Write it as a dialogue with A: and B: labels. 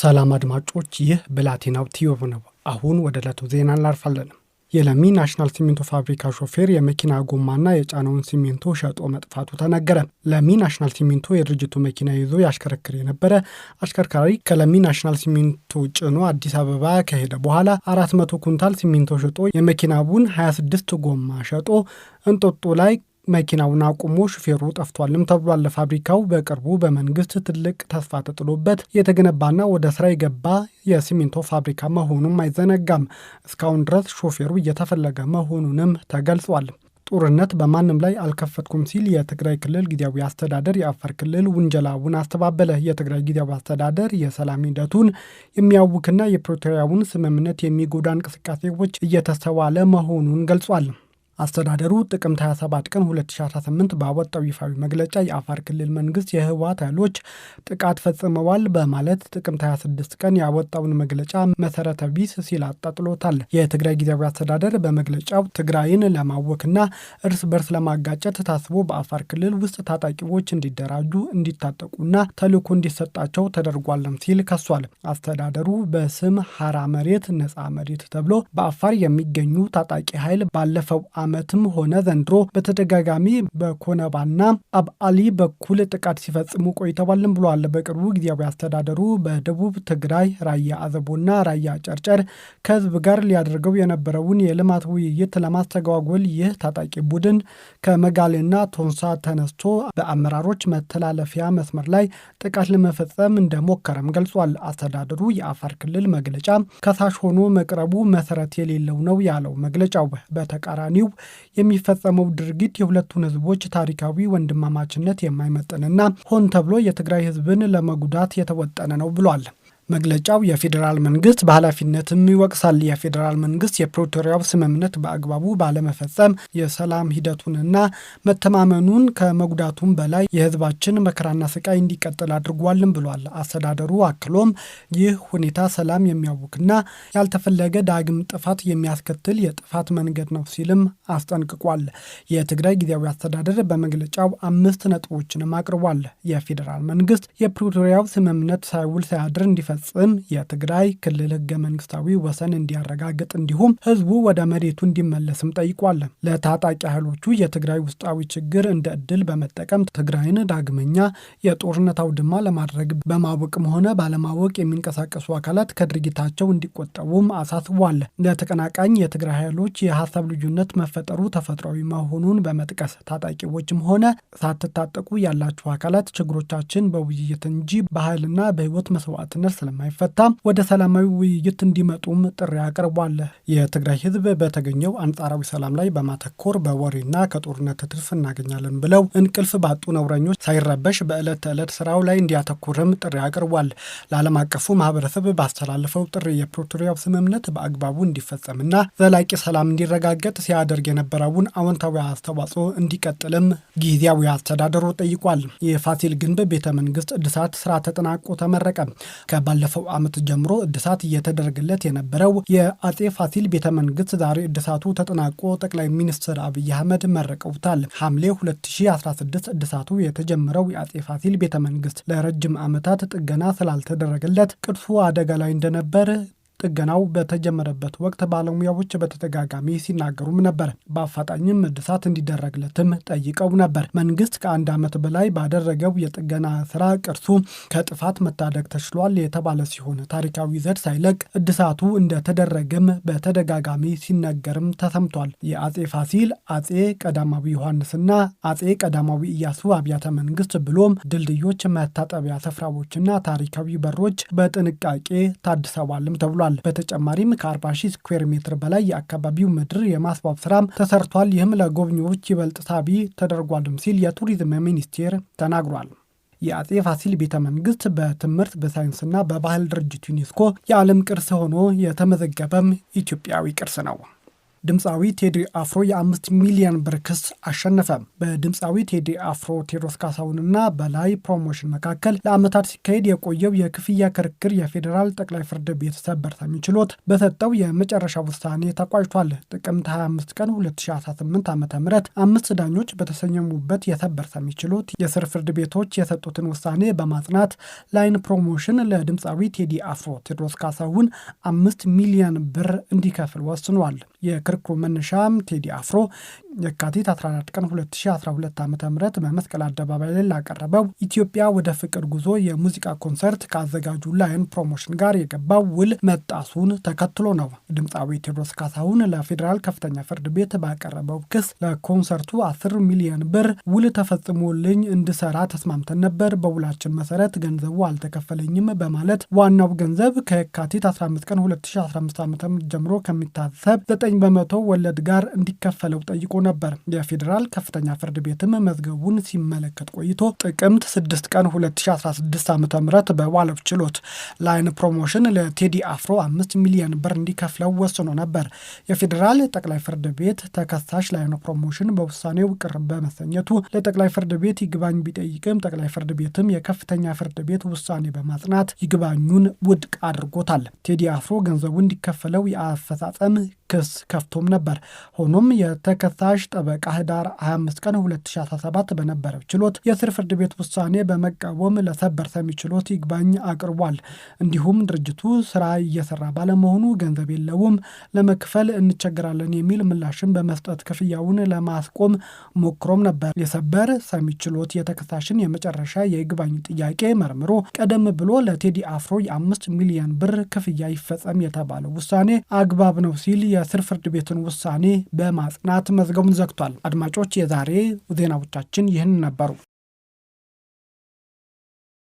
A: ሰላም አድማጮች፣ ይህ ብላቴናው ቲዩብ ነው። አሁን ወደ ዕለቱ ዜና እናልፋለን። የለሚ ናሽናል ሲሚንቶ ፋብሪካ ሾፌር የመኪና ጎማና የጫነውን ሲሚንቶ ሸጦ መጥፋቱ ተነገረ። ለሚ ናሽናል ሲሚንቶ የድርጅቱ መኪና ይዞ ያሽከረክር የነበረ አሽከርካሪ ከለሚ ናሽናል ሲሚንቶ ጭኖ አዲስ አበባ ከሄደ በኋላ 400 ኩንታል ሲሚንቶ ሽጦ የመኪናውን 26 ጎማ ሸጦ እንጦጦ ላይ መኪናውን አቁሞ ሹፌሩ ጠፍቷልም ተብሏል። ፋብሪካው በቅርቡ በመንግስት ትልቅ ተስፋ ተጥሎበት የተገነባና ወደ ስራ የገባ የሲሚንቶ ፋብሪካ መሆኑም አይዘነጋም። እስካሁን ድረስ ሾፌሩ እየተፈለገ መሆኑንም ተገልጿል። ጦርነት በማንም ላይ አልከፈትኩም ሲል የትግራይ ክልል ጊዜያዊ አስተዳደር የአፋር ክልል ውንጀላውን አስተባበለ። የትግራይ ጊዜያዊ አስተዳደር የሰላም ሂደቱን የሚያውክና የፕሪቶሪያውን ስምምነት የሚጎዳ እንቅስቃሴዎች እየተስተዋለ መሆኑን ገልጿል። አስተዳደሩ ጥቅምት 27 ቀን 2018 ባወጣው ይፋዊ መግለጫ የአፋር ክልል መንግስት የህወሓት ኃይሎች ጥቃት ፈጽመዋል በማለት ጥቅምት 26 ቀን ያወጣውን መግለጫ መሰረተ ቢስ ሲል አጣጥሎታል። የትግራይ ጊዜያዊ አስተዳደር በመግለጫው ትግራይን ለማወክና እርስ በርስ ለማጋጨት ታስቦ በአፋር ክልል ውስጥ ታጣቂዎች እንዲደራጁ፣ እንዲታጠቁና ተልዕኮ እንዲሰጣቸው ተደርጓለም ሲል ከሷል። አስተዳደሩ በስም ሐራ መሬት ነፃ መሬት ተብሎ በአፋር የሚገኙ ታጣቂ ኃይል ባለፈው ዓመትም ሆነ ዘንድሮ በተደጋጋሚ በኮነባና አብአሊ በኩል ጥቃት ሲፈጽሙ ቆይተዋልም ብሏል። በቅርቡ ጊዜያዊ አስተዳደሩ በደቡብ ትግራይ ራያ አዘቦና ራያ ጨርጨር ከህዝብ ጋር ሊያደርገው የነበረውን የልማት ውይይት ለማስተጓጎል ይህ ታጣቂ ቡድን ከመጋሌና ቶንሳ ተነስቶ በአመራሮች መተላለፊያ መስመር ላይ ጥቃት ለመፈጸም እንደሞከረም ገልጿል። አስተዳደሩ የአፋር ክልል መግለጫ ከሳሽ ሆኖ መቅረቡ መሰረት የሌለው ነው ያለው መግለጫው በተቃራኒው የሚፈጸመው ድርጊት የሁለቱን ህዝቦች ታሪካዊ ወንድማማችነት የማይመጥንና ሆን ተብሎ የትግራይ ህዝብን ለመጉዳት የተወጠነ ነው ብሏል። መግለጫው የፌዴራል መንግስት በኃላፊነትም ይወቅሳል። የፌዴራል መንግስት የፕሪቶሪያው ስምምነት በአግባቡ ባለመፈጸም የሰላም ሂደቱንና መተማመኑን ከመጉዳቱም በላይ የህዝባችን መከራና ስቃይ እንዲቀጥል አድርጓልም ብሏል። አስተዳደሩ አክሎም ይህ ሁኔታ ሰላም የሚያውክና ያልተፈለገ ዳግም ጥፋት የሚያስከትል የጥፋት መንገድ ነው ሲልም አስጠንቅቋል። የትግራይ ጊዜያዊ አስተዳደር በመግለጫው አምስት ነጥቦችንም አቅርቧል። የፌዴራል መንግስት የፕሪቶሪያው ስምምነት ሳይውል ሳያድር እንዲፈ እንዲፈጽም የትግራይ ክልል ህገ መንግስታዊ ወሰን እንዲያረጋግጥ እንዲሁም ህዝቡ ወደ መሬቱ እንዲመለስም ጠይቋል። ለታጣቂ ኃይሎቹ የትግራይ ውስጣዊ ችግር እንደ እድል በመጠቀም ትግራይን ዳግመኛ የጦርነት አውድማ ለማድረግ በማወቅም ሆነ ባለማወቅ የሚንቀሳቀሱ አካላት ከድርጊታቸው እንዲቆጠቡም አሳስቧል። ለተቀናቃኝ የትግራይ ኃይሎች የሀሳብ ልዩነት መፈጠሩ ተፈጥሯዊ መሆኑን በመጥቀስ ታጣቂዎችም ሆነ ሳትታጠቁ ያላችሁ አካላት ችግሮቻችን በውይይት እንጂ በኃይልና በህይወት መስዋዕትነት ስለማይፈታ ወደ ሰላማዊ ውይይት እንዲመጡም ጥሪ አቅርቧል። የትግራይ ህዝብ በተገኘው አንጻራዊ ሰላም ላይ በማተኮር በወሬና ከጦርነት ትርፍ እናገኛለን ብለው እንቅልፍ ባጡ ነውረኞች ሳይረበሽ በዕለት ተዕለት ስራው ላይ እንዲያተኩርም ጥሪ አቅርቧል። ለዓለም አቀፉ ማህበረሰብ ባስተላለፈው ጥሪ የፕሪቶሪያው ስምምነት በአግባቡ እንዲፈጸምና ዘላቂ ሰላም እንዲረጋገጥ ሲያደርግ የነበረውን አዎንታዊ አስተዋጽኦ እንዲቀጥልም ጊዜያዊ አስተዳደሩ ጠይቋል። የፋሲል ግንብ ቤተ መንግስት እድሳት ስራ ተጠናቆ ተመረቀ። ከ ካለፈው ዓመት ጀምሮ እድሳት እየተደረገለት የነበረው የአጼ ፋሲል ቤተ መንግስት ዛሬ እድሳቱ ተጠናቆ ጠቅላይ ሚኒስትር አብይ አህመድ መርቀውታል። ሐምሌ 2016 እድሳቱ የተጀመረው የአጼ ፋሲል ቤተ መንግስት ለረጅም ዓመታት ጥገና ስላልተደረገለት ቅርሱ አደጋ ላይ እንደነበር ጥገናው በተጀመረበት ወቅት ባለሙያዎች በተደጋጋሚ ሲናገሩም ነበር። በአፋጣኝም እድሳት እንዲደረግለትም ጠይቀው ነበር። መንግስት ከአንድ ዓመት በላይ ባደረገው የጥገና ስራ ቅርሱ ከጥፋት መታደግ ተችሏል የተባለ ሲሆን ታሪካዊ ዘድ ሳይለቅ እድሳቱ እንደተደረገም በተደጋጋሚ ሲነገርም ተሰምቷል። የአጼ ፋሲል፣ አጼ ቀዳማዊ ዮሐንስና አጼ ቀዳማዊ ኢያሱ አብያተ መንግስት ብሎም ድልድዮች፣ መታጠቢያ ስፍራዎችና ታሪካዊ በሮች በጥንቃቄ ታድሰዋልም ተብሏል። ተጀምሯል። በተጨማሪም ከ40 ሺህ ስኩዌር ሜትር በላይ የአካባቢው ምድር የማስዋብ ስራም ተሰርቷል። ይህም ለጎብኚዎች ይበልጥ ሳቢ ተደርጓልም ሲል የቱሪዝም ሚኒስቴር ተናግሯል። የአጼ ፋሲል ቤተ መንግስት በትምህርት በሳይንስና በባህል ድርጅት ዩኔስኮ የዓለም ቅርስ ሆኖ የተመዘገበም ኢትዮጵያዊ ቅርስ ነው። ድምፃዊ ቴዲ አፍሮ የአምስት ሚሊዮን ብር ክስ አሸነፈ። በድምፃዊ ቴዲ አፍሮ ቴድሮስ ካሳሁንና በላይ ፕሮሞሽን መካከል ለዓመታት ሲካሄድ የቆየው የክፍያ ክርክር የፌዴራል ጠቅላይ ፍርድ ቤት ሰበር ሰሚ ችሎት በሰጠው የመጨረሻ ውሳኔ ተቋጭቷል። ጥቅምት 25 ቀን 2018 ዓ ም አምስት ዳኞች በተሰየሙበት የሰበር ሰሚ ችሎት የስር ፍርድ ቤቶች የሰጡትን ውሳኔ በማጽናት ላይን ፕሮሞሽን ለድምፃዊ ቴዲ አፍሮ ቴድሮስ ካሳሁን አምስት ሚሊዮን ብር እንዲከፍል ወስኗል። የክርክሩ መነሻም ቴዲ አፍሮ የካቲት 14 ቀን 2012 ዓ ም በመስቀል አደባባይ ላይ ላቀረበው ኢትዮጵያ ወደ ፍቅር ጉዞ የሙዚቃ ኮንሰርት ከአዘጋጁ ላይን ፕሮሞሽን ጋር የገባው ውል መጣሱን ተከትሎ ነው። ድምፃዊ ቴዎድሮስ ካሳሁን ለፌዴራል ከፍተኛ ፍርድ ቤት ባቀረበው ክስ ለኮንሰርቱ 10 ሚሊዮን ብር ውል ተፈጽሞልኝ እንድሰራ ተስማምተን ነበር፣ በውላችን መሰረት ገንዘቡ አልተከፈለኝም በማለት ዋናው ገንዘብ ከየካቲት 15 ቀን 2015 ዓ ም ጀምሮ ከሚታሰብ 9 በመ ከመቶ ወለድ ጋር እንዲከፈለው ጠይቆ ነበር። የፌዴራል ከፍተኛ ፍርድ ቤትም መዝገቡን ሲመለከት ቆይቶ ጥቅምት 6 ቀን 2016 ዓ ም በዋለው ችሎት ላይን ፕሮሞሽን ለቴዲ አፍሮ 5 ሚሊዮን ብር እንዲከፍለው ወስኖ ነበር። የፌዴራል ጠቅላይ ፍርድ ቤት ተከሳሽ ላይን ፕሮሞሽን በውሳኔው ቅር በመሰኘቱ ለጠቅላይ ፍርድ ቤት ይግባኝ ቢጠይቅም ጠቅላይ ፍርድ ቤትም የከፍተኛ ፍርድ ቤት ውሳኔ በማጽናት ይግባኙን ውድቅ አድርጎታል። ቴዲ አፍሮ ገንዘቡ እንዲከፈለው የአፈጻጸም ክስ ከፍቶም ነበር። ሆኖም የተከሳሽ ጠበቃ ህዳር 25 ቀን 2017 በነበረው ችሎት የስር ፍርድ ቤት ውሳኔ በመቃወም ለሰበር ሰሚ ችሎት ይግባኝ አቅርቧል። እንዲሁም ድርጅቱ ስራ እየሰራ ባለመሆኑ ገንዘብ የለውም፣ ለመክፈል እንቸገራለን የሚል ምላሽን በመስጠት ክፍያውን ለማስቆም ሞክሮም ነበር። የሰበር ሰሚ ችሎት የተከሳሽን የመጨረሻ የይግባኝ ጥያቄ መርምሮ ቀደም ብሎ ለቴዲ አፍሮ የአምስት ሚሊዮን ብር ክፍያ ይፈጸም የተባለው ውሳኔ አግባብ ነው ሲል የስር ፍርድ ቤቱን ውሳኔ በማጽናት መዝገቡን ዘግቷል። አድማጮች፣ የዛሬ ዜናዎቻችን ይህን ነበሩ።